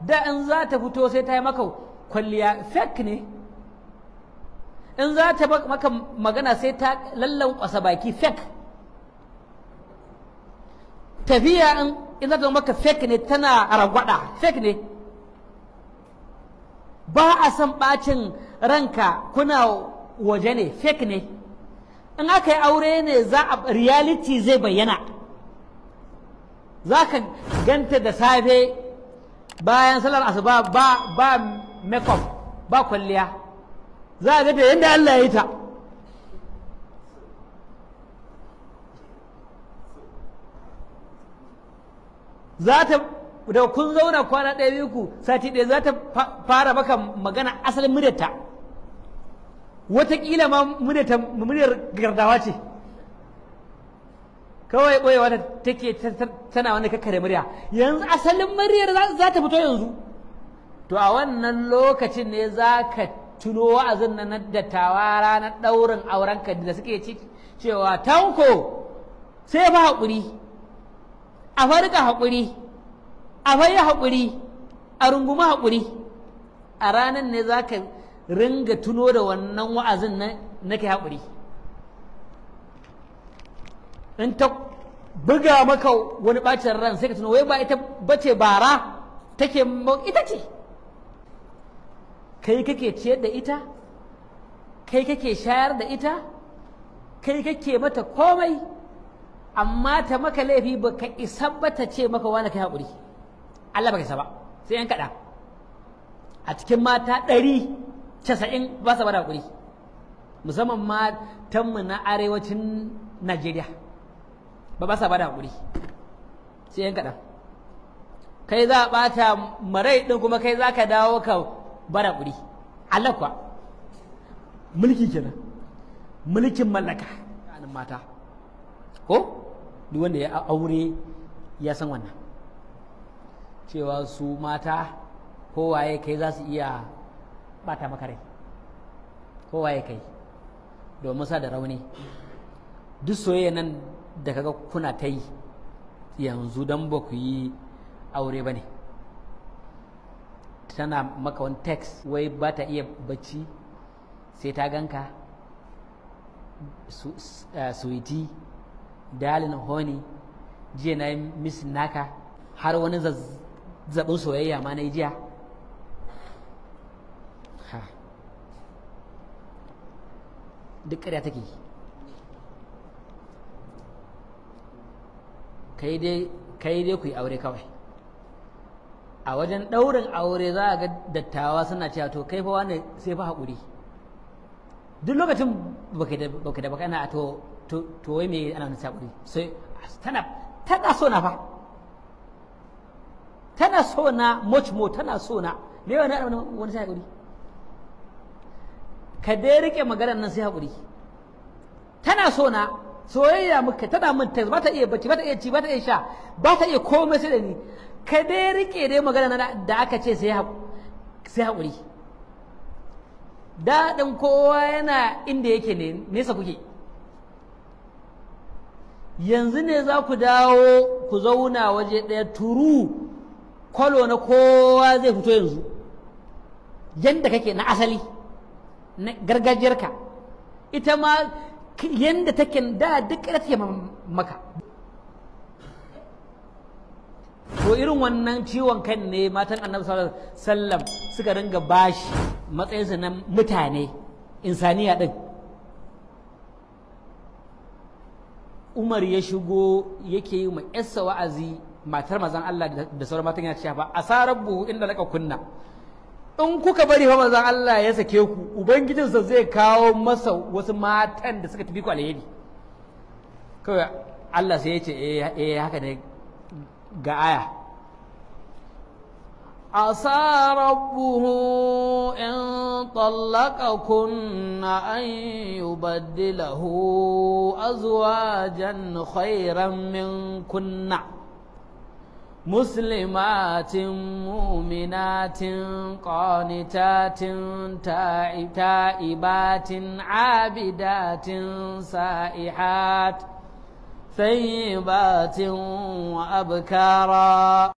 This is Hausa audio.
da in za ta fito sai ta yi maka kwalliya fake ne in za ta maka magana sai ta lallan kwasa baki fake tafiya in za ta maka fake ne tana ragwada fake ne ba a san bacin ranka kuna waje ne fake ne in aka yi aure ne za a reality zai bayyana za ka ganta da safe bayan salar asuba ba ba makeup ba kwalliya za a ga yadda Allah ya yi ta za ta da kun zauna kwana ɗaya biyu ku sati ɗaya za ta fara maka magana asalin muryarta wataƙila ma muryar gardawa ce kawai ɓoyewa ta take tana wani kakkare murya yanzu asalin muryar za ta fito yanzu to a wannan lokacin ne za ka tuno wa'azin na dattawa ranar ɗaurin aurenka da suke cewa tanko sai ba haƙuri a farka haƙuri a bayi haƙuri a runguma haƙuri a ranar ne za ka ringa tuno da wannan wa'azin na kai haƙuri in ta buga maka wani bacin ran sai ka tuno wai ba ita bace bara take ita ce kai kake ciyar da ita kai kake shayar da ita kai kake mata komai amma ta maka laifi ba ka isa ba ta ce maka wani kai haƙuri Allah baka isa ba sai yan kaɗa a cikin mata ɗari casa'in ba sa ba da haƙuri musamman matanmu na arewacin Najeriya ba ba sa bada hakuri sai yan kaɗan kai za a bata marai ɗin kuma kai za ka dawo ka bada hakuri Allah kuwa mulki kenan mulkin mallaka a mata ko duk wanda ya aure ya san wannan cewa su mata kowaye kai za su iya bata maka rai kowaye kai domin sa da rauni duk soyayya nan da kaga kuna ta yi yanzu don ba ku yi aure ba ne tana maka wani text wai ba ta iya bacci sai ta ganka suwiti eh, dalin honi jiya na yi naka har wani zaɓin soyayya ma na yi jiya duk ƙarya take kai dai ku yi aure kawai a wajen ɗaurin aure za a ga dattawa suna cewa to kai fa wani sai fa haƙuri duk lokacin baka da bakana a to to wai me ana nuna haƙuri sai tana tana so na fa tana so na much more tana so na me wani wani sai haƙuri ka dai rike maganar nan sai haƙuri tana so na soyayya muka tana min text ba ta iya bacci ba ta iya ci ba ta iya sha ba ta iya komai sai da ni ka dai rike dai magana na da aka ce sai sai haƙuri daɗin kowa yana inda yake ne nesa kuke yanzu ne za ku dawo ku zauna waje ɗaya turu kwalo na kowa zai fito yanzu yadda kake na asali na gargajiyarka ita ma yanda take da duk ƙarfi maka to irin wannan ciwon kan ne matan annabi sallallahu alaihi wasallam suka ringa bashi matsayinsa na mutane insaniya din Umar ya shigo yake yi ma yarsa wa'azi matar mazan Allah da sauran matan ya ce ba asarar buhu inda laka kunna in kuka bari fa manzon Allah ya sake ku ubangijinsa zai kawo masa wasu matan da suka tafi ku alheri kawai Allah sai ya ce eh, eh haka ne ga aya عسى ربه إن an yubaddilahu azwajan khairan min kunna. muslimatin muminatin qanitatin ta'ita ibatin abidatin sa'ihat sayyibatin wa abkara